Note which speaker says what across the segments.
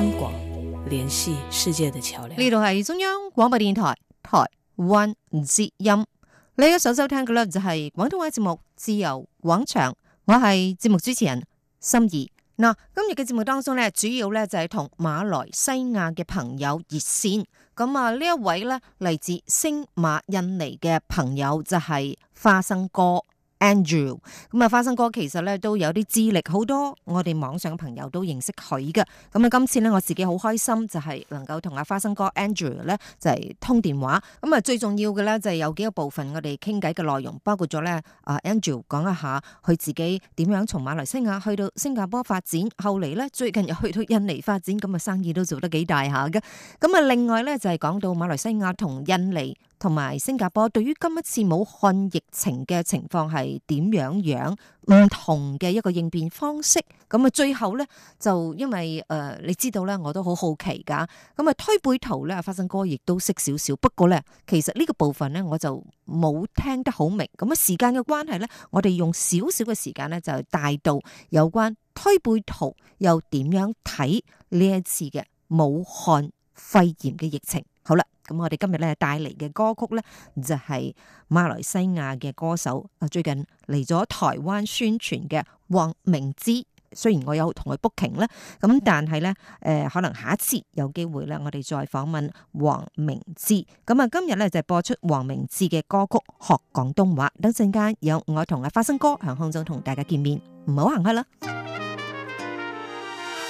Speaker 1: 香聯繫世界的橋樑，呢度係中央廣播電台台 One 節音。呢一首首聽嘅呢，就係廣東話節目自由廣場。我係節目主持人心怡嗱。今日嘅節目當中呢，主要呢就係同馬來西亞嘅朋友熱線咁啊。呢一位呢，嚟自星馬印尼嘅朋友就係花生哥。Andrew，咁啊花生哥其實咧都有啲資歷，好多我哋網上嘅朋友都認識佢㗎。咁啊，今次咧我自己好開心，就係能夠同阿花生哥 Andrew 咧就係通電話。咁啊，最重要嘅咧就係有幾個部分我哋傾偈嘅內容，包括咗咧 Andrew 講一下佢自己點樣從馬來西亞去到新加坡發展，後嚟咧最近又去到印尼發展，咁啊生意都做得幾大下嘅。咁啊，另外咧就係講到馬來西亞同印尼。同埋新加坡，對於今一次武漢疫情嘅情況係點樣樣？唔同嘅一個應變方式。咁啊，最後咧就因為誒、呃，你知道咧，我都好好奇㗎。咁啊，推背圖咧，花生哥亦都識少少。不過咧，其實呢個部分咧，我就冇聽得好明。咁啊，時間嘅關係咧，我哋用少少嘅時間咧，就帶到有關推背圖又點樣睇呢一次嘅武漢肺炎嘅疫情。好啦。咁我哋今日咧帶嚟嘅歌曲咧就係、是、馬來西亞嘅歌手啊，最近嚟咗台灣宣傳嘅黃明志。雖然我有同佢 booking 咧，咁但係咧誒，可能下一次有機會咧，我哋再訪問黃明志。咁啊，今日咧就是、播出黃明志嘅歌曲《學廣東話》。等陣間有我同阿花生哥喺空中同大家見面，唔好行開啦。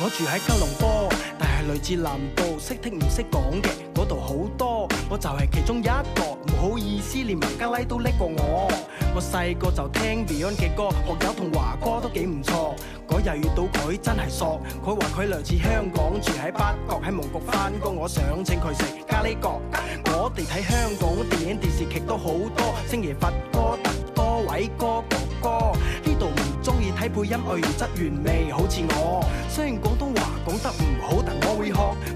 Speaker 2: 我住喺吉隆坡，係來自南部，識聽唔識講嘅，嗰度好多，我就係其中一個，唔好意思連孟加拉都叻過我。我細個就聽 Beyond 嘅歌，學友同華哥都幾唔錯。嗰日遇到佢真係索，佢話佢嚟自香港，住喺北角，喺蒙古返工。我想請佢食咖喱角。我哋睇香港電影電視劇都好多，星爺佛哥德哥偉哥哥哥，呢度唔中意睇配音，我原汁原味，好似我。雖然廣東話講得唔好，但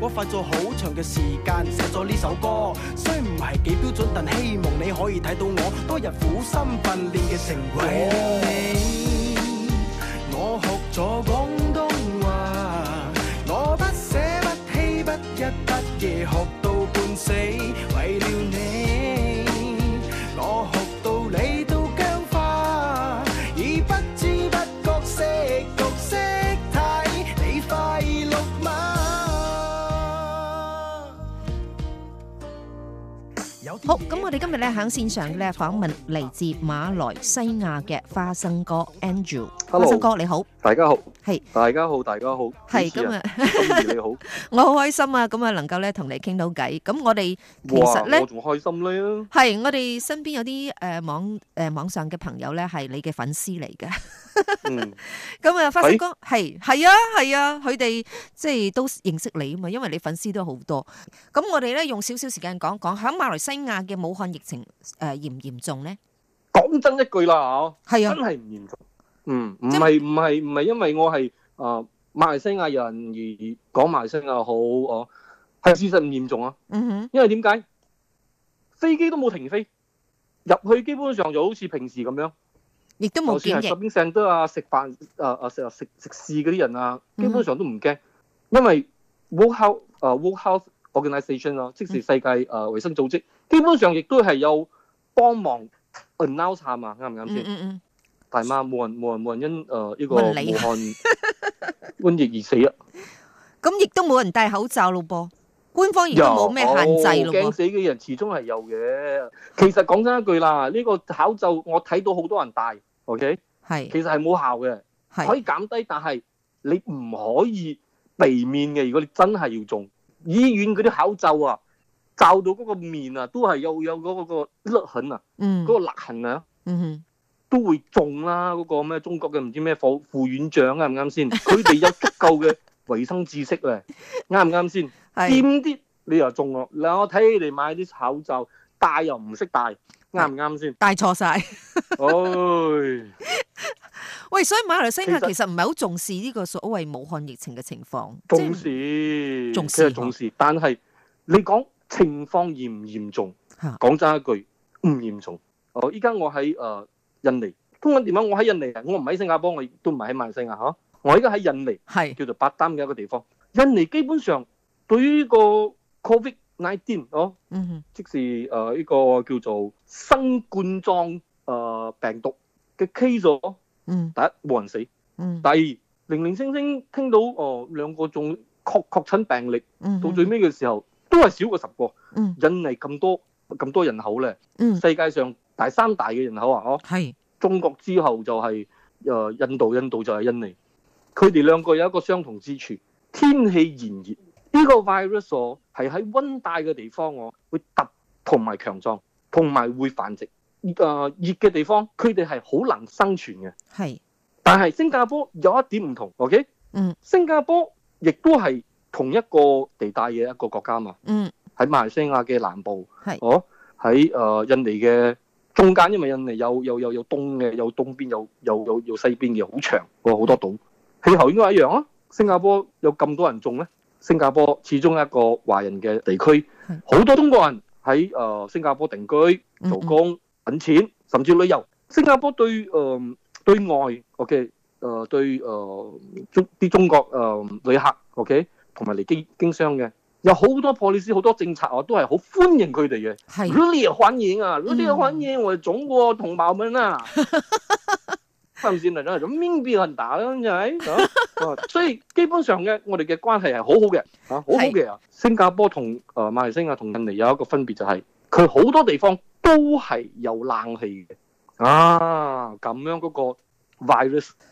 Speaker 2: 我花咗好長嘅時間寫咗呢首歌，雖唔係幾標準，但希望你可以睇到我多日苦心訓練嘅成果。為了你，我學咗廣東話，我不捨不棄不日不夜學到半死，為了你。
Speaker 1: 好，咁我哋今日呢，喺線上呢訪問嚟自馬來西亞嘅花生哥 Andrew。花生哥你好，大家好，
Speaker 2: 係大家好，大家好，係今日你
Speaker 1: 好，我好開心啊！咁啊，能夠咧同你傾到偈。咁我哋其實咧，哇，我仲
Speaker 2: 開心咧。
Speaker 1: 係我哋身邊有啲誒網誒網上嘅朋友咧，係你嘅粉絲嚟嘅。咁啊，花生哥係係啊係啊，佢哋即係都認識你啊嘛，因為你粉絲都好多。咁我哋咧用少少時間講講，喺馬來西亞嘅武漢疫情誒嚴唔嚴重咧？
Speaker 2: 講真一句啦，哦係啊，真係唔嚴重。嗯，唔係唔係唔係，因為我係啊馬來西亞人而講馬來西亞好哦，係事實唔嚴重啊。嗯哼。因為點解飛機都冇停飛，入去基本上就好似平時咁樣，亦都冇檢疫。shopping centre 都啊食飯啊啊食食食，食肆嗰啲人啊，基本上都唔驚、嗯，因為 World Health 啊 World Health Organisation 啊，即是世界啊衛生組織，嗯、基本上亦都係有幫忙 announce 啊嘛，啱唔啱先？係嘛，冇人冇人冇人因誒呢、呃這個、啊、武漢瘟疫而死啊！
Speaker 1: 咁 亦都冇人戴口罩咯噃，官方而家冇咩限制咯。有、哦、驚死
Speaker 2: 嘅人始終係有嘅。其實講真一句啦，呢、這個口罩我睇到好多人戴，OK 係，其實係冇效嘅，可以減低，但係你唔可以避免嘅。如果你真係要中醫院嗰啲口罩啊，罩到嗰個面啊，都係有有嗰個個勒痕啊，嗰個勒痕啊，嗯、那個都會中啦，嗰個咩中國嘅唔知咩副副院長啱唔啱先？佢哋有足夠嘅衛生知識咧，啱唔啱先？啲啲你又中咯，嗱我睇你買啲口罩戴又唔識戴，啱唔啱先？戴錯晒，唉，
Speaker 1: 喂，所以馬來西亞其實唔係好重視呢個所謂武漢疫情嘅情況，重
Speaker 2: 視，重視，其實重視，但係你講情況嚴唔嚴重？講真一句唔嚴重，哦，依家我喺誒。印尼通緊電話，我喺印尼啊，我唔喺新加坡，我亦都唔係喺馬來西亞嗬，我依家喺印尼，係叫做八擔嘅一個地方。印尼基本上對於呢個 Covid Nineteen 哦，嗯哼，即是誒呢個叫做新冠狀誒病毒嘅 case 咗，嗯，第一冇人死，嗯，第二零零星星聽到哦兩個仲確確診病例，嗯，到最尾嘅時候都係少過十個，嗯，印尼咁多咁多人口咧，嗯，世界上。第三大嘅人口啊，哦，係中國之後就係誒印度，印度就係印尼，佢哋兩個有一個相同之處，天氣炎熱，呢個 virus 哦係喺溫帶嘅地方，我會突同埋強壯，同埋會繁殖，誒熱嘅地方佢哋係好難生存嘅，係。但係新加坡有一點唔同，OK？嗯，新加坡亦都係同一個地帶嘅一個國家嘛，嗯，喺馬來西亞嘅南部，係，哦，喺誒印尼嘅。中間，因為印尼有有有有東嘅，有東邊，有有有有西邊嘅，好長，個好多島，氣候應該係一樣啊。新加坡有咁多人種咧，新加坡始終一個華人嘅地區，好多中國人喺誒、呃、新加坡定居、做工、揾錢，甚至旅遊。新加坡對誒、呃、對外 O.K. 誒對誒中啲中國誒、呃、旅客 O.K. 同埋嚟經經商嘅。有好多破利斯，好多政策我都係好歡迎佢哋嘅，熱烈歡迎啊！熱烈歡迎我哋總部同胞們啊，係唔係先嚟咗？咁邊邊有人打啦？係， 所以基本上嘅我哋嘅關係係好好嘅，嚇，好好嘅。新加坡同啊馬來西亞同印尼有一個分別就係，佢好多地方都係有冷氣嘅，啊咁樣嗰個。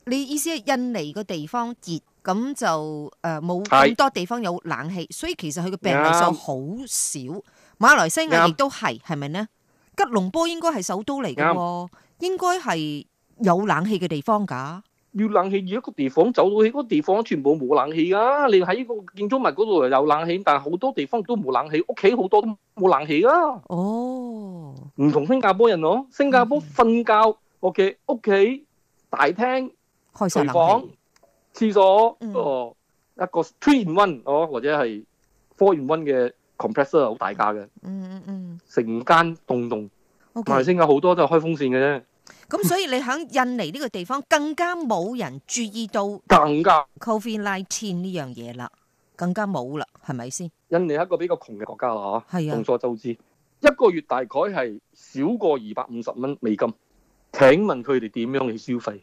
Speaker 2: 你意思係印尼個地
Speaker 1: 方熱，咁就誒冇咁多地方有冷氣，所以其實佢個病例數好少。Yeah. 馬來西亞亦都係，係咪呢？吉隆坡應該係首都嚟嘅，哦，Yeah. 應該係有冷氣嘅地方。噶
Speaker 2: 要冷氣，如果個地方走到去嗰，嗰個地方全部冇冷氣噶。你喺個建築物嗰度有冷氣，但係好多地方都冇冷氣，屋企好多都冇冷氣噶。哦，唔同新加坡人咯，哦，新加坡瞓覺屋企屋企。Mm. OK, 大廳、廚房、廁、嗯、所、嗯，一個一個 three in one 哦，或者係 four in one 嘅 compressor 好大架嘅。嗯嗯嗯，成間棟棟，埋、okay，升價好多都係開風扇嘅啫。
Speaker 1: 咁所以你喺印尼呢個地方更加冇人注意到更加 covid nineteen 呢樣嘢啦，更加冇啦，係咪先？
Speaker 2: 印尼係一個比較窮嘅國家啦，吓、啊，眾所周知，一個月大概係少過二百五十蚊美金。請問佢哋點樣去消費？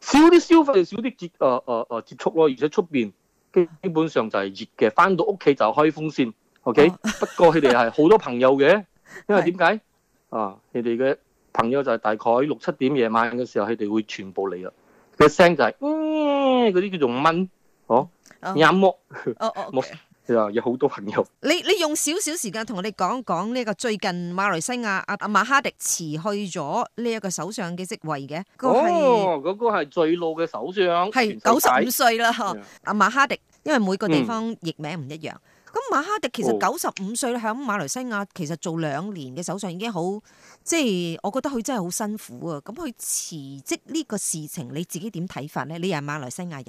Speaker 2: 少啲消費，少啲接，誒誒誒接觸咯。而且出邊基基本上就係熱嘅，翻到屋企就開風扇。O K，不過佢哋係好多朋友嘅，因為點解？啊，佢哋嘅朋友就係大概六七點夜晚嘅時候，佢哋會全部嚟啦。佢嘅聲就係，嗯，嗰啲叫做蚊。哦，啱喎。哦哦。有好多朋友你，你用小
Speaker 1: 小你用少少時間同我哋講講呢一說個最近馬來西亞阿阿馬哈迪辭去咗呢一個首相嘅職位嘅。嗰、那
Speaker 2: 個係、哦那個、最老嘅首相，係九十五歲
Speaker 1: 啦。阿馬哈迪因為每個地方譯名唔一樣，咁、嗯、馬哈迪其實九十五歲啦，喺、哦、馬來西亞其實做兩年嘅首相已經好，即、就、係、是、我覺得佢真係好辛苦啊。咁佢辭職呢個事情，你自己點睇法呢？你係馬來西亞人，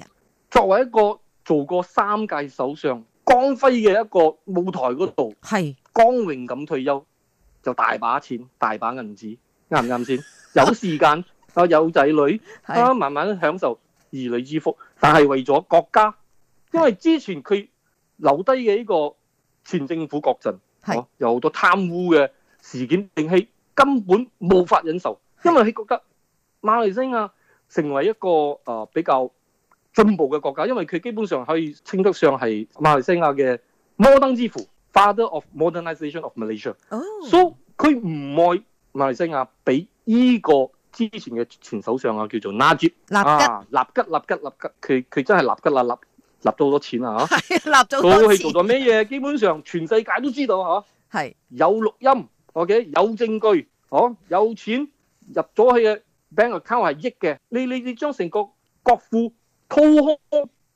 Speaker 2: 作為一個做過三屆首相。光輝嘅一個舞台嗰度，係光榮咁退休，就大把錢、大把銀紙，啱唔啱先？有時間啊，有仔女啊，慢慢享受兒女之福，但係為咗國家，因為之前佢留低嘅呢個前政府國陣，係有好多貪污嘅事件定係，根本無法忍受，因為佢覺得馬來西亞成為一個誒比較進步嘅國家，因為佢基本上可以稱得上係馬來西亞嘅摩登之父，father of modernization of Malaysia。哦，所以佢唔愛馬來西亞，畀依個之前嘅前首相啊叫做 Najib 啊，納吉、納吉、納吉，佢，佢真係納吉啦，納納到咗好多錢啦嚇，納咗。做咗咩嘢？基本上全世界都知道嚇，係有錄音，OK，有證據，哦，有錢入咗去嘅 bank account 係億嘅，你、你、你將成個國庫。掏空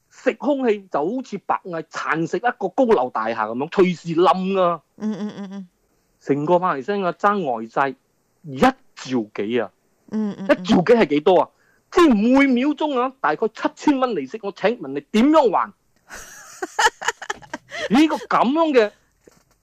Speaker 2: 食空氣就好似白蟻蠶食一個高樓大廈咁樣，隨時冧啊！嗯嗯嗯嗯，成個馬來西亞爭外債一兆幾啊！嗯嗯，一兆幾係幾多啊？即係每秒鐘啊，大概七千蚊利息。我請問你點樣還？呢個咁樣嘅，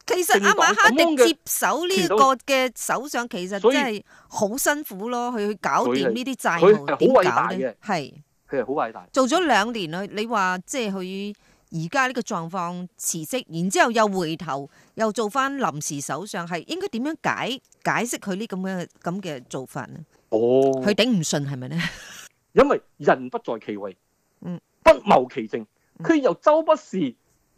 Speaker 1: 其實阿馬哈迪接手呢個嘅首相，其實真係好辛苦咯，佢去搞掂呢啲債務好偉大嘅，係。
Speaker 2: 佢好偉大，
Speaker 1: 做咗兩年啦。你話即係佢而家呢個狀況辭職，然之後又回頭又做翻臨時首相，係應該點樣解解釋佢呢咁嘅咁嘅做法
Speaker 2: 啊？哦，佢頂唔順係咪呢？因為人不在其位，嗯，不謀其政。佢又周不時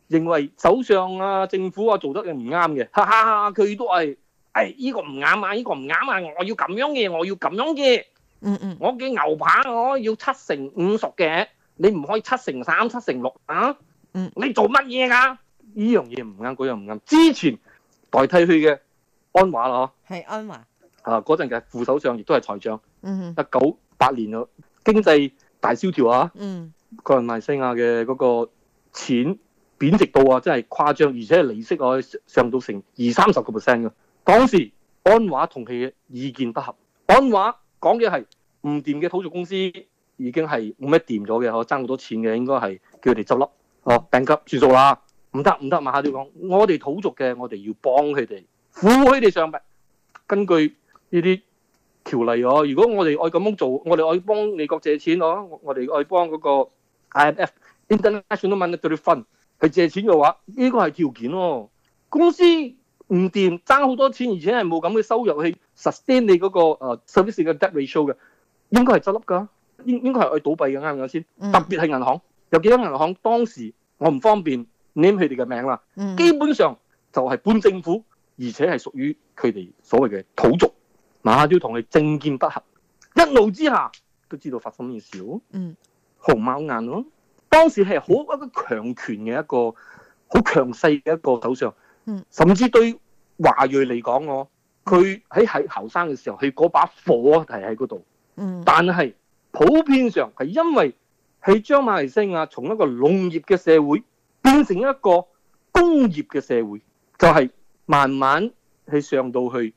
Speaker 2: 認為首相啊、政府啊做得嘅唔啱嘅，哈哈，佢都係誒，哎，呢個唔啱啊，呢個唔啱啊，我要咁樣嘅，我要咁樣嘅。嗯嗯，我嘅牛排，我要七成五熟嘅，你唔可以七成三、七成六啊！嗯，你做乜嘢噶？呢樣嘢唔啱，嗰樣唔啱。之前代替佢嘅安華啦，嗬，係安華。啊，嗰陣嘅副首相亦都係財長。嗯，一九八年啊，經濟大蕭條啊。嗯，佢係馬來西亞嘅嗰個錢貶值到啊，真係誇張，而且係利息啊，上到成二三十個 percent 嘅。當時安華同佢嘅意見不合，安華講嘅係。唔掂嘅土族公司已經係冇乜掂咗嘅，可爭好多錢嘅，應該係叫佢哋執笠哦，降級轉數啦。唔得唔得，馬下都要講我哋土族嘅，我哋要幫佢哋扶佢哋上嚟。根據呢啲條例，哦，如果我哋愛咁樣做，我哋愛幫美國借錢，我我哋愛幫嗰個 IMF International Monetary Fund 去借錢嘅話，呢個係條件咯。公司唔掂，爭好多錢，而且係冇咁嘅收入去 sustain 你嗰、那個誒、uh, service 嘅 debt ratio 嘅。應該係執笠噶，應應該係去倒閉嘅。啱唔啱先？特別係銀行，有幾間銀行，當時我唔方便，唸佢哋嘅名啦。基本上就係半政府，而且係屬於佢哋所謂嘅土族。馬哈地，同佢政見不合，一怒之下都知道發生咩事。嗯，紅貓眼咯，當時係好一個強權嘅一個好強勢嘅一個首相。嗯，甚至對華裔嚟講，我佢喺係後生嘅時候，佢嗰把火係喺嗰度。嗯，但係普遍上係因為係將馬來西亞從一個農業嘅社會變成一個工業嘅社會，就係慢慢係上到去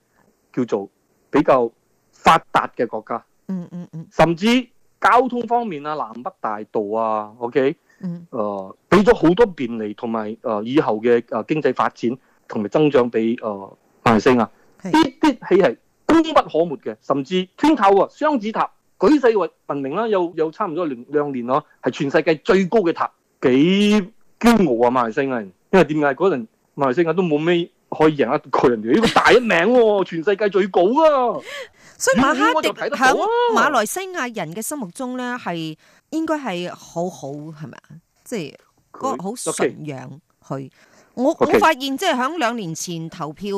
Speaker 2: 叫做比較發達嘅國家。嗯嗯嗯。甚至交通方面啊，南北大道啊，OK，呃。嗯。誒，俾咗好多便利同埋誒以後嘅誒經濟發展同埋增長俾誒馬來西亞。啲啲起係。功不可沒嘅，甚至圈透啊！雙子塔舉世為聞名啦，又有，有差唔多兩兩年咯，係全世界最高嘅塔，幾驕傲啊！馬來西亞人，因為點解嗰陣馬來西亞都冇咩可以贏一個人哋呢個大一名喎，哦， 全世界最高啊！所以馬哈迪響馬來
Speaker 1: 西亞人嘅心目中咧，係應該係好好係咪啊？即
Speaker 2: 係好崇
Speaker 1: 仰佢。那個 okay. okay. 我我發現即係響兩年前投票，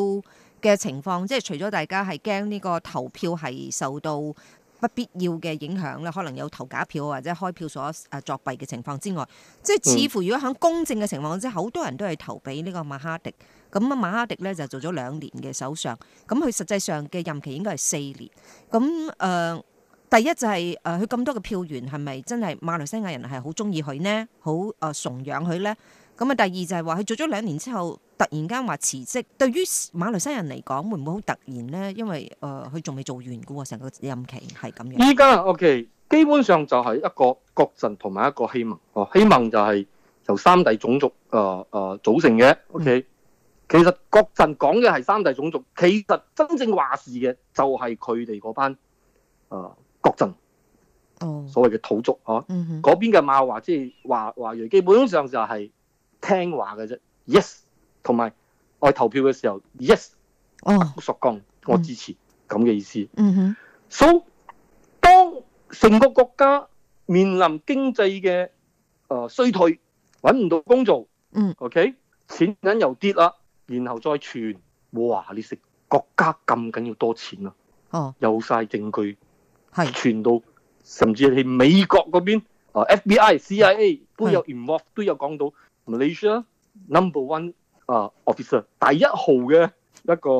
Speaker 1: 嘅情況，即係除咗大家係驚呢個投票係受到不必要嘅影響啦，可能有投假票或者開票所誒作弊嘅情況之外，即、嗯、係似乎如果喺公正嘅情況之下，好多人都係投俾呢個馬哈迪。咁啊，馬哈迪咧就做咗兩年嘅首相，咁佢實際上嘅任期應該係四年。咁誒、呃，第一就係誒佢咁多嘅票源係咪真係馬來西亞人係好中意佢呢？好誒、呃、崇仰佢呢。咁啊，第二就係話佢做咗兩年之後，突然間話辭職，對於馬來西亞人嚟講，會唔會好突然咧？因為誒，佢仲未做完嘅成個任期係咁樣。依
Speaker 2: 家 O K，基本上就係一個國陣同埋一個希望哦、啊。希望就係由三大種族誒誒、啊啊、組成嘅 O K。Okay? Mm -hmm. 其實國陣講嘅係三大種族，其實真正話事嘅就係佢哋嗰班誒國陣哦，oh. 所謂嘅土族哦嗰、啊 mm -hmm. 邊嘅馬華即係華華裔，基本上就係聽話嘅啫。Yes。同埋，我投票嘅時候，yes，索鋼，我支持咁嘅意思。嗯
Speaker 3: 哼
Speaker 2: ，So 當成個國家面臨經濟嘅誒衰退，揾唔到工做，嗯，OK，錢銀又跌啦，然後再傳，哇！你食國家咁緊要多錢啦，哦，有曬證據，係傳到甚至係美國嗰邊，啊，FBI、CIA 都有 involve，都有講到 Malaysia number one。啊、uh，officer 第一號嘅一個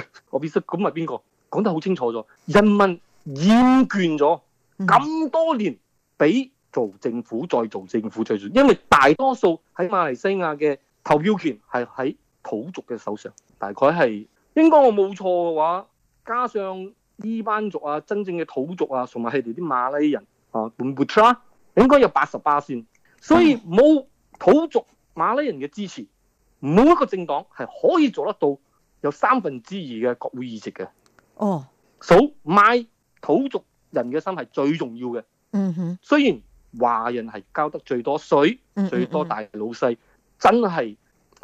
Speaker 2: officer，咁係邊個？講得好清楚咗，人民厭倦咗咁多年，俾做政府再做政府，最衰，因為大多數喺馬來西亞嘅投票權係喺土族嘅手上，大概係應該我冇錯嘅話，加上呢班族啊，真正嘅土族啊，同埋佢哋啲馬拉人啊 Bumiputra，應該有八十八線，所以冇土族馬拉人嘅支持。每一個政黨係可以做得到有三分之二嘅國會議席嘅。哦，數買土族人嘅心係最重要嘅。
Speaker 3: 嗯
Speaker 2: 哼，雖然華人係交得最多稅、最多大老細，真係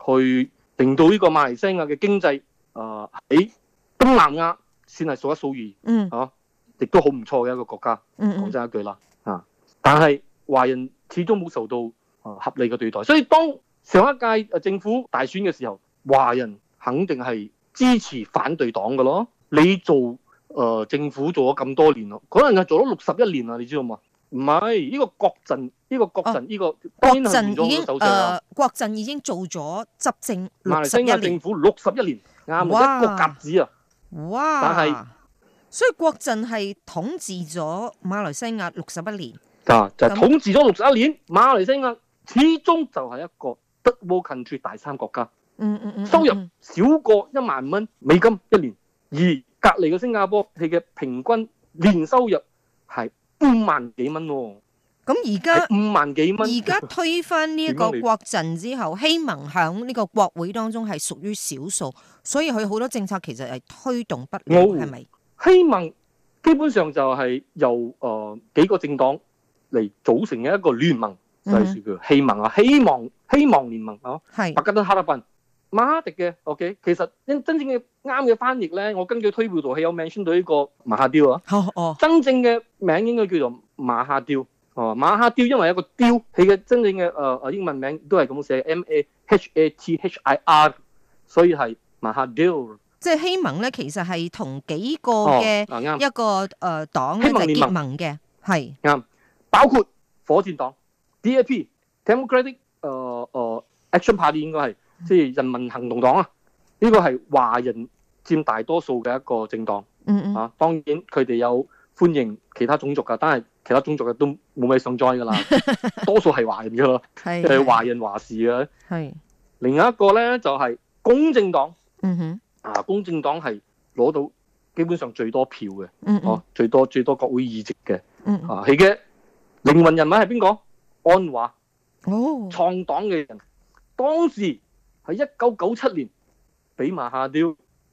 Speaker 2: 去令到呢個馬來西亞嘅經濟啊，喺東南亞算係數一數二。嗯，嚇，亦都好唔錯嘅一個國家。講真一句啦，嚇，但係華人始終冇受到啊合理嘅對待，所以當上一屆啊政府大選嘅時候，華人肯定係支持反對黨嘅咯。你做誒、呃、政府做咗咁多年咯，可能係做咗六十一年啊，你知道嘛？唔係呢個國陣，呢、這個國陣，呢、啊這個當然係變咗啦。
Speaker 1: 國、呃、陣、啊呃、已經做咗執政六十一年馬來西亞政府
Speaker 2: 六十一年，啱啊，是是一個甲子啊。
Speaker 1: 哇！但係所以國陣係統治咗馬來西亞六十一年。
Speaker 2: 嗱、啊，就係、是、統治咗六十一年，馬來西亞始終就係一個。德國近住第三國家，
Speaker 3: 收入
Speaker 2: 少過一萬蚊美金一年，而隔離嘅新加坡佢嘅平均年收入係五萬幾蚊喎。咁而家五萬幾蚊，而
Speaker 1: 家推翻呢一個國陣之後，希望響呢個國會當中係屬於少數，所以佢好多政策其實係推動不了。係咪？希望
Speaker 2: 基本上就係由誒幾個政黨嚟組成嘅一個聯盟，就係叫希望啊，希望啊。希望聯盟哦，係、啊。拜登、哈特芬、馬哈迪嘅，OK。其實真真正嘅啱嘅翻譯咧，我根據推背圖係有 mention 到呢個馬哈雕啊。哦，哦真正嘅名應該叫做馬哈雕。哦，馬哈雕，因為一個雕，佢嘅真正嘅誒、呃、英文名都係咁寫 M A H A T H I R，所以係馬哈雕。即
Speaker 1: 係希盟咧，其實係同幾個嘅一個誒、哦
Speaker 2: 呃、黨結希望聯盟嘅，係。啊，包括火箭黨 DAP、Temple Grandi。誒、呃、誒、呃、，Action Party 應該係即係人民行動黨啊，呢個係華人佔大多數嘅一個政黨。
Speaker 3: 嗯嗯，啊，
Speaker 2: 當然佢哋有歡迎其他種族噶，但係其他種族嘅都冇咩想 join 噶啦， 多數係華人噶咯，誒， 華人華事嘅。係，另一個咧就係、是、公正黨。嗯哼，啊，公正黨係攞到基本上最多票嘅。哦、mm -hmm. 啊，最多最多國會議席嘅。
Speaker 3: Mm -hmm. 啊，佢
Speaker 2: 嘅靈魂人物係邊個？安華。哦，創黨嘅人，當時喺一九九七年俾馬哈地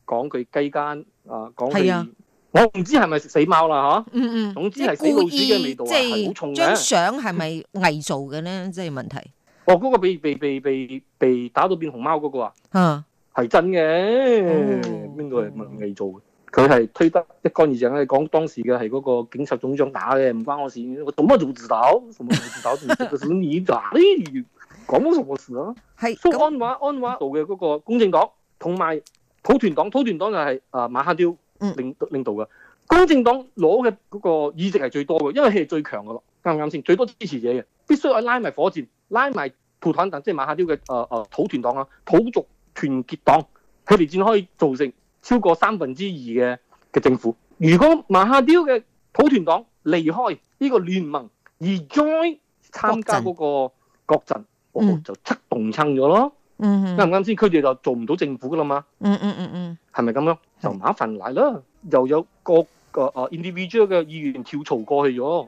Speaker 2: 講佢雞姦啊，講我唔知係咪食死貓啦吓，嗯嗯，總之係死老鼠嘅味道啊，係、嗯、好、嗯、重嘅。張、就是、相
Speaker 1: 係咪偽造嘅咧？即、就、
Speaker 2: 係、是、問題。哦、嗰、那個被被被被被打到變熊貓嗰個啊，係、啊、真嘅，邊、嗯、個係偽造嘅？佢係推得一乾二淨嘅，講當時嘅係嗰個警察總長打嘅，唔關我事。我麼做乜做自首？什麼做乜做自首？做乜嘢自首？講乜同我事啊？係蘇安華，安華做嘅嗰個公正黨，同埋土團黨。土團黨就係啊馬哈地領領，領導嘅。公正黨攞嘅嗰個議席係最多嘅，因為佢係最強嘅咯，啱唔啱先？最多支持者嘅，必須要拉埋火箭，拉埋土團黨，即係馬哈地嘅啊啊土團黨啊，土族團結黨，佢哋先可以做成。超過三分之二嘅嘅政府，如果馬哈地嘅土團黨離開呢個聯盟而 join 參加嗰個國陣，國陣哦嗯、就側動襯咗咯。啱唔啱先？佢哋就做唔到政府噶啦嘛。嗯嗯嗯嗯，係咪咁樣？就麻煩嚟啦、嗯！又有個個 individual 嘅議員跳槽過去咗，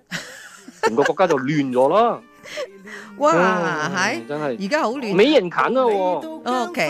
Speaker 2: 成 個國家就亂咗啦。 哇！係，真係，而家好亂，美人間啊！喎，OK。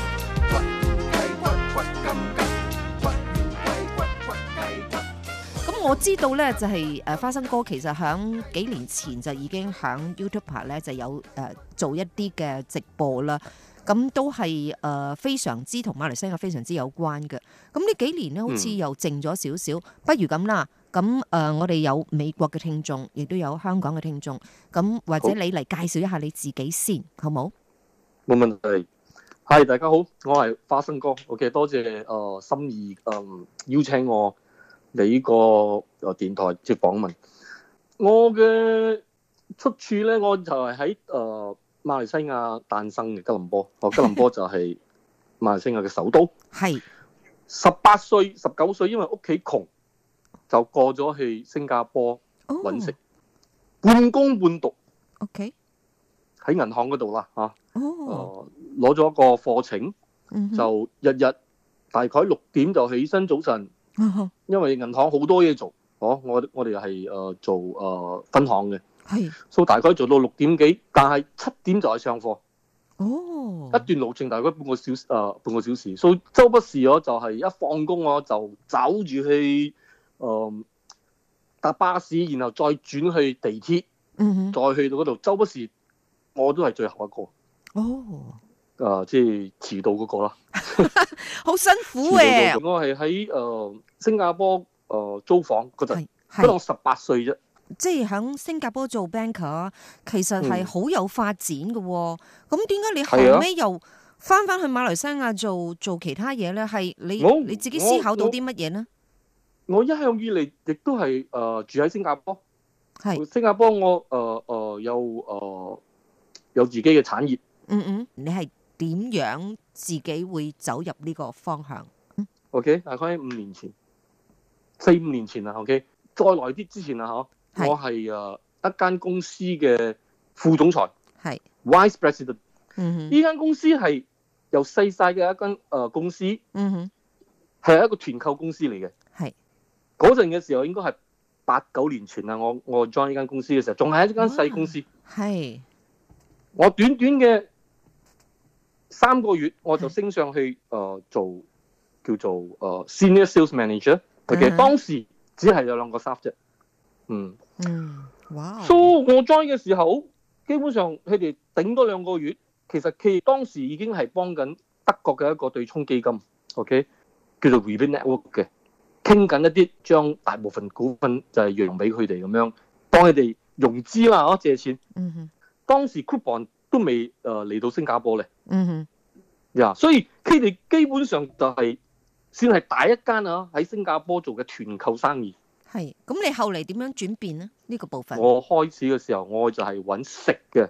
Speaker 1: 我知道呢，就係誒花生哥，其實響幾年前就已經響 YouTube 呢就有誒做一啲嘅直播啦。咁都係誒非常之同馬來西亞非常之有關嘅。咁呢幾年呢，好似又靜咗少少，不如咁啦。咁誒，我哋有美國嘅聽眾，亦都有香港嘅聽眾。咁或者你嚟介紹一下你自己先好好，
Speaker 2: 好冇？冇問題。係大家好，我係花生哥。OK，多謝你誒、呃、心意、呃、邀請我。你個誒電台接訪問，我嘅出處咧，我就係喺誒馬來西亞誕生嘅吉隆坡。哦，吉隆坡就係馬來西亞嘅首都。係十八歲、十九歲，因為屋企窮，就過咗去新加坡搵食，半工半讀。O K，喺銀行嗰度啦嚇。哦，攞咗一個課程，就日日大概六點就起身早晨。嗯、因為銀行好多嘢做，我我我哋係誒做誒分行嘅，係，所以大概做到六點幾，但係七點就喺上課，哦，一段路程大概半個小時誒、呃、半個小時，所以周不時我就係一放工我就走住去誒、呃、搭巴士，然後再轉去地鐵、嗯，再去到嗰度，周不時我都係最後一個，哦。啊、呃，即係遲到嗰個啦，
Speaker 1: 好辛苦嘅、欸嗰個。
Speaker 2: 我係喺誒新加坡誒、呃、租房嗰陣，不過十八歲啫。歲
Speaker 1: 即係喺新加坡做 banker，其實係好有發展嘅、哦。咁點解你後尾又翻翻去馬來西亞做做其他嘢咧？係你你自己思考到啲乜嘢呢
Speaker 2: 我我？我一向以嚟亦都係誒住喺新加坡，係新加坡我誒誒、呃呃、有誒、呃、有自己嘅產業。
Speaker 1: 嗯嗯，你係。點樣自己會走入呢個方向
Speaker 2: ？OK，大概五年前，四五年前啦。OK，再來啲之前啦，嗬，我係誒一間公司嘅副總裁，係 Vice President。嗯哼，呢間公司係由細細嘅一間誒公司。嗯哼，係一個團購公司嚟嘅。係嗰陣嘅時候，應該係八九年前啊。我我 join 呢間公司嘅時候，仲係一間細公司。係我短短嘅。三個月我就升上去，誒做叫做誒 Senior Sales Manager、mm。-hmm. O.K. 當時只係有兩個 staff 啫嗯。哇、mm -hmm.。Wow. So，我 join 嘅時候，基本上佢哋頂多兩個月。其實佢當時已經係幫緊德國嘅一個對沖基金，O.K. 叫做 Reven Network 嘅，傾緊一啲將大部分股份就係讓俾佢哋咁樣幫佢哋融資啦，借錢。嗯哼。當時 Coupon 都未誒嚟到新加坡咧。嗯哼，呀，所以佢哋基本上就係、是、算係大一間啊，喺新加坡做嘅團購生意。
Speaker 1: 係，咁你後嚟點樣轉變呢？呢、這個部分？我
Speaker 2: 開始嘅時候，我就係揾食嘅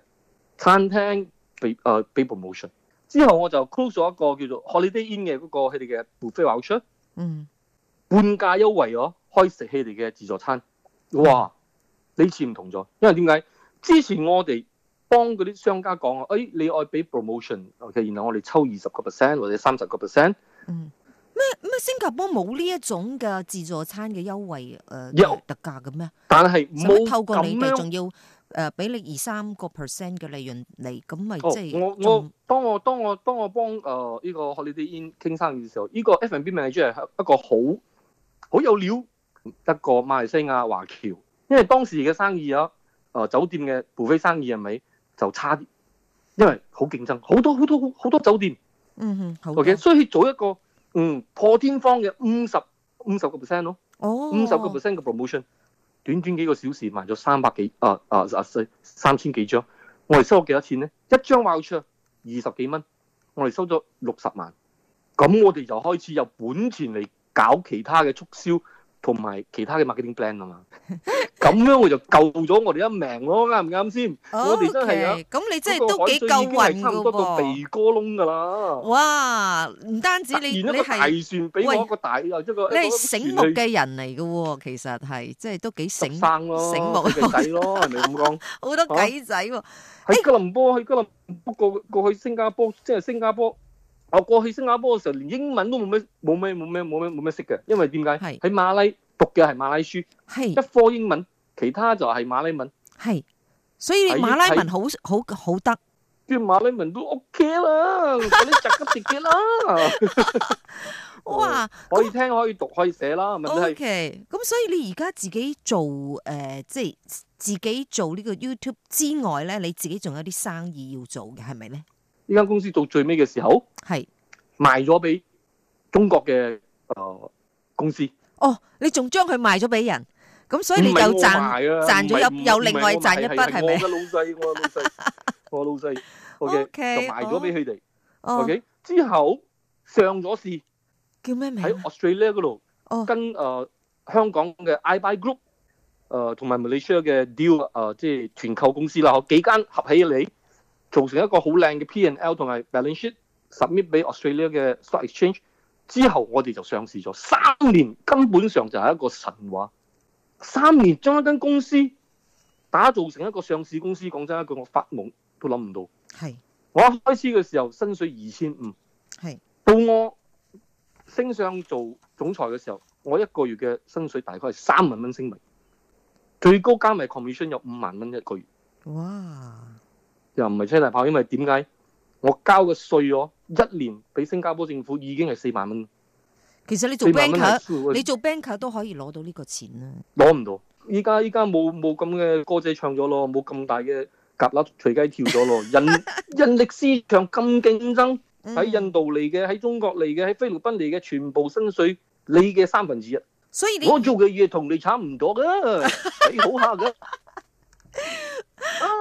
Speaker 2: 餐廳俾誒俾、呃、promotion 之後我就 close 咗一個叫做 Holiday Inn 嘅嗰個佢哋嘅 buffet voucher，嗯，半價優惠咯、啊，開食佢哋嘅自助餐。哇，呢次唔同咗，因為點解？之前我哋幫嗰啲商家講，誒、哎、你愛俾 promotion，OK，okay，然後我哋抽二十個 percent 或者三十個 percent。嗯，
Speaker 1: 咩咩新加坡冇呢一種嘅自助餐嘅優
Speaker 2: 惠、呃、有特價嘅咩？但係唔好透過你哋仲
Speaker 1: 要誒俾、呃、你二三個 percent 嘅利潤嚟，咁咪即係我我
Speaker 2: 當我當我當我幫誒呢個 Holiday Inn 傾生意嘅時候，呢、這個 F&B 名嚟住係一個好好有料得過馬來西亞華僑，因為當時嘅生意啊，誒、呃、酒店嘅 buffet 生意係咪？就差啲，因為好競爭，好多好多好多酒店。嗯哼，好嘅，okay? 所以做一個嗯破天荒嘅五十五十個 percent 咯，五十個 percent 嘅 promotion，哦，短短幾個小時賣咗三百幾啊啊啊，三千幾張。我哋收咗幾多錢咧？ 一張 voucher 二十幾蚊，我哋收咗六十萬。咁我哋就開始有本錢嚟搞其他嘅促銷。同埋其他嘅 marketing brand 啊嘛，咁樣我就救咗我哋一命咯，啱唔啱先？哦，咁你真係都幾夠運㗎喎！哇，唔
Speaker 1: 單止你，你係俾我一個
Speaker 2: 大又一個，你係醒目嘅人嚟
Speaker 1: 㗎喎，其實係即係都幾醒目。生咯，醒目咯，好多計仔
Speaker 2: 喎！喺吉隆坡，喺吉隆不過過去新加坡，即係新加坡。我過去新加坡嘅時候，連英文都冇咩冇咩冇咩冇咩冇咩識嘅，因為點解？喺馬拉讀嘅係馬拉書，一科英文，其他就係馬拉文。係，所以馬拉文好好好，好得。啲馬拉文都 OK 你啦，快啲責急自己啦。哇！可以聽，可以讀，可以寫啦，咁咪 OK，
Speaker 1: 咁所以你而家自己做誒，即、呃、係、就是、自己做呢個 YouTube 之外咧，你自己仲有啲生意要做嘅，係咪咧？
Speaker 2: 呢間公司到最尾嘅時候，係賣咗俾中國嘅誒公司。
Speaker 1: 哦，你仲將佢賣咗俾人，咁所以你又賺賺咗又另外賺一筆係咪？我嘅老
Speaker 2: 細，我嘅老細，我嘅老細。O K，就賣咗俾佢哋。O K，之後上咗市，叫咩名？喺 Australia 嗰度，跟誒香港嘅 iBuy Group，誒同埋 Malaysia 嘅 Deal，誒即係團購公司啦，幾間合起嚟。做成一個好靚嘅 P&L 同埋 balance sheet submit 俾 Australia 嘅 stock exchange 之後，我哋就上市咗三年，根本上就係一個神話。三年將一間公司打造成一個上市公司，講真一句，我發夢都諗唔到。我一開始嘅時候，薪水二千五。係到我升上做總裁嘅時候，我一個月嘅薪水大概係三萬蚊，升到最高加埋 commission 有五萬蚊一個月。哇！又唔係車大炮，因為點解我交嘅稅我一年俾新加坡政府已經係四萬蚊。其實你做 banker，你做
Speaker 1: banker 都可以攞到呢個錢啦。
Speaker 2: 攞唔到，依家依家冇冇咁嘅歌仔唱咗咯，冇咁大嘅蛤乸隨街跳咗咯。 人人力市場咁競爭，喺 印度嚟嘅，喺中國嚟嘅，喺菲律賓嚟嘅，全部薪水你嘅三分之一。所以我做嘅嘢同你差唔多噶，你好下噶。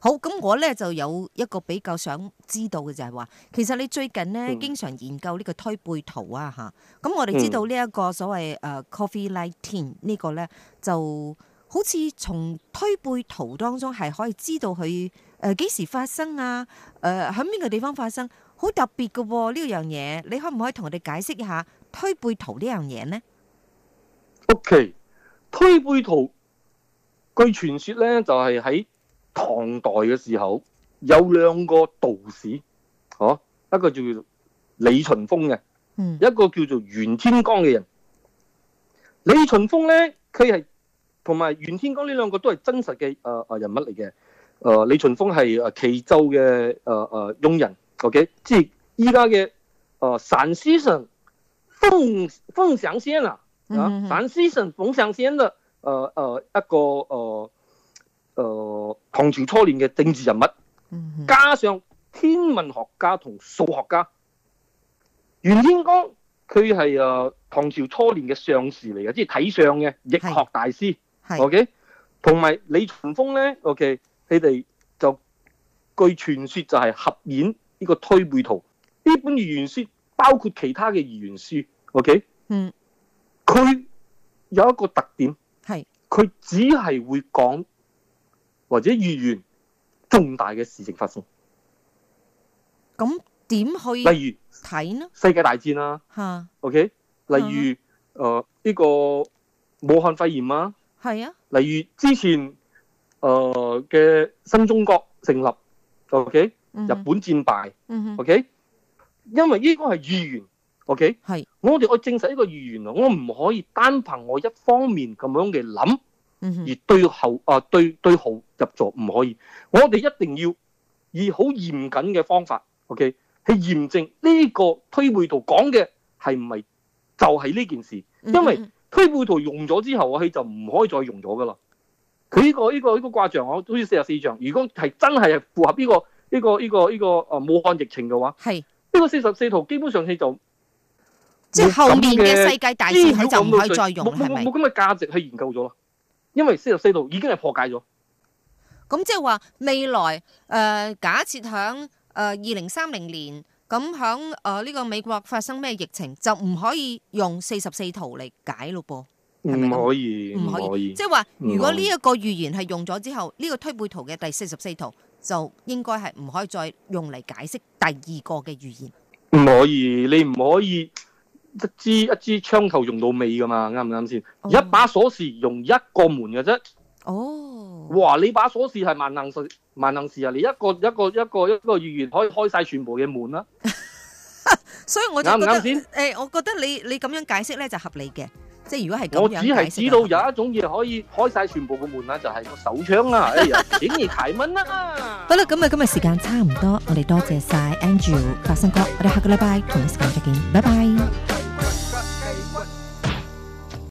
Speaker 1: 好咁，那我咧就有一個比較想知道嘅，就係話其實你最近咧經常研究呢個推背圖啊吓，咁、嗯啊、我哋知道呢一個所謂誒、嗯 uh, Covid-19 呢個咧，就好似從推背圖當中係可以知道佢誒幾時發生啊，誒喺邊個地方發生，好特別嘅呢樣嘢，你可唔可以同我哋解釋一下推背圖呢樣嘢呢
Speaker 2: ？OK，推背圖據傳說咧就係、是、喺。唐代嘅時候有兩個道士，嚇一個叫做李淳風嘅，一個叫做袁天罡嘅人。李淳風咧佢係同埋袁天罡呢兩個都係真實嘅誒誒人物嚟嘅。誒李淳風係誒岐州嘅誒誒傭人，OK，即係依家嘅誒陝西省鳳鳳翔縣啦，啊，陝西省鳳翔縣嘅誒誒一個誒。誒、呃，唐朝初年嘅政治人物，加上天文學家同數學家袁天罡，佢係誒唐朝初年嘅相士嚟嘅，即係睇相嘅易學大師。OK，同埋李淳風咧，OK，佢哋就據傳說就係合演呢個推背圖呢本預言書，包括其他嘅預言書。OK，嗯，佢有一個特點係，佢只係會講。或者預言重大嘅事情發生，
Speaker 1: 咁點去？例如
Speaker 2: 睇呢？世界大戰啦、啊，嚇、啊、OK。例如，誒呢、呃這個武漢肺炎啊，
Speaker 1: 係啊。
Speaker 2: 例如之前誒嘅、呃、新中國成立，OK。日本戰敗、嗯、OK。因為呢個係預言，OK。係，我哋我證實呢個預言啊，我唔可以單憑我一方面咁樣嘅諗。而對後啊，對對號入座唔可以，我哋一定要以好嚴謹嘅方法，OK，去驗證呢個推背圖講嘅係唔係就係呢件事？因為推背圖用咗之後，我哋就唔可以再用咗噶啦。佢、呢、呢個呢、呢個呢、呢個卦象，我好似四十四象，如果係真係符合呢、呢個呢、呢個呢、呢個呢、呢個啊、呢個、武漢疫情嘅話，係呢個四十四圖，基本上佢就即係後面嘅世界大變就唔可以再用，冇咁嘅價值去研究咗啦。因為四十四度
Speaker 1: 已經係破解咗，咁即係話未來誒、呃，假設響誒二零三零年，咁響誒呢個美國發生咩疫情，就唔可以用四十四圖嚟解咯噃，
Speaker 2: 唔可以，唔可、可、可以，即係話如果呢一
Speaker 1: 個預言係用咗之後，呢、這個推背圖嘅第四十四圖就應該係唔可以再用嚟解釋第二個嘅預言，
Speaker 2: 唔可以，你唔可以。一支一支槍頭用到尾噶嘛，啱唔啱先？Oh. 一把鎖匙用一個門嘅啫。哦、oh.，哇！你把鎖匙係萬能匙，萬能匙啊！你一個一個一個一個語言可以開晒全，全部嘅門啦。
Speaker 1: 所以我啱唔啱先？
Speaker 2: 誒，我覺得你你咁樣解釋咧就合理嘅，即係如果係咁我只係知道有一種嘢可以開晒全，全部嘅門啦，就係、是、個手槍啦、啊。哎呀，竟然契蚊啦。
Speaker 1: 好啦，咁啊， 今日時間差唔多，我哋多謝晒。Andrew 花生哥，我哋下個禮拜同一時間再見，拜拜。